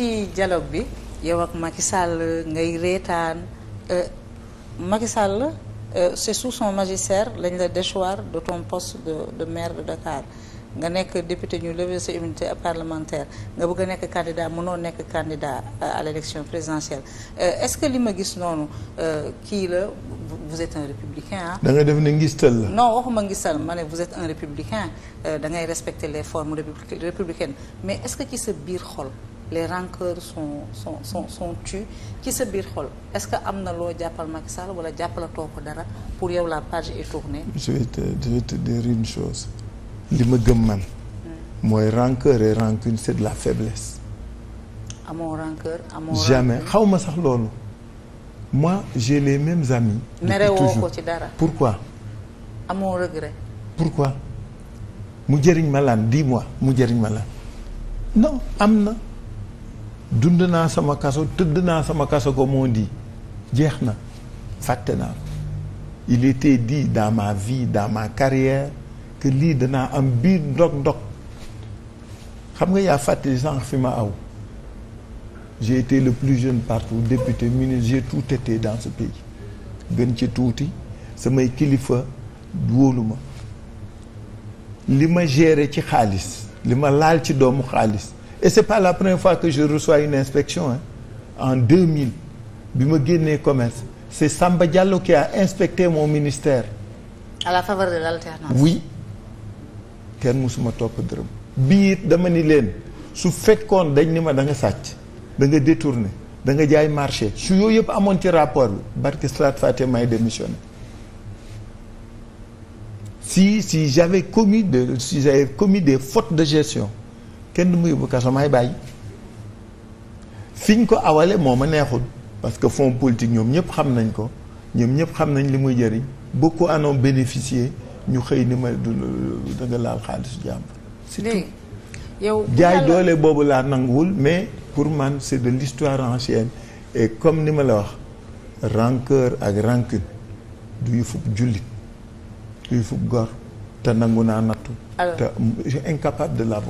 ci dialogue bi yow ak Macky Sall ngay reetaan euh, Macky Sall euh, c'est sous son magistère lañ la déchoir de ton poste de maire de Dakar nga nekk député ñu lever sa immunité parlementaire nga bëgg a nekk candidat mënoo nekk candidat à l'élection présidentielle euh, est-ce que li ma gis noonu kii la vous êtes un républicain ah. nga def ne ngistal la. waxuma ngistal ma ne vous êtes un républicain da ngay respecter les formes républicaines mais est-ce que ci sa biir xol. les rancœurs sont sont sont sont ci sa biir xol est-ce que am na loo jàppal Macky Sall wala jàppalatoo ko dara pour yow la page est tournée. je vais te je vais li ma gëm man. mooy rancœur et rancune c'est la faiblesse. amoo rancœur amoo jamais xaw ma sax loolu. moi j'ai les mêmes amis. merewoo ko ci dara pourquoi. amoo regret. pourquoi mu jëriñ ma laan dis-moi mu jëriñ ma laan non am na. dund naa sama kaso tëdd naa sama kaso comme on dit jeex na fàtte naa ko il était dit dans ma vie dans ma carrière lii danaa am biir ndog-ndog xam nga yaa fàtte sànq fi ma aw j'ai été le plus jeune partout député ministre j'ai tout été dans ce pays gën ci tuuti samay kilifa wóolu li ma géré ci xaalis li ma laal ci doomu xaalis et c'est pas la première fois que je reçois une inspection hein. en bi ma génnee commerce c'est sàmba Diallo qui a inspecté mon ministère. à la faveur oui kenn musuma topp dërëm. biir dama ni leen su fekkoon dañ ni ma da nga sàcc da nga détourné da nga jaay marché su yooyu yëpp amoon ci rapport bi barke Stade Faté may démissionné si si j'avais commis de si j'avais commis des fautes de gestion. kenn du ma yóbbu kaso may bàyyi fiñ ko awale moo ma neexul parce que fonds politique ñoom ñëpp xam nañ ko ñoom ñëpp xam nañ li muy jëriñ beaucoup en ont bénéficié ñu xëy ni ma du da nga laal xaalisu jàmbur surtout yow jaay doole boobu laa nanguwul mais pour man c' de l'histoire ancienne et comme ni ma la wax rancœur ak rancune du yu jullit du yu gor te nangu naa nattu te incapable de l'avoir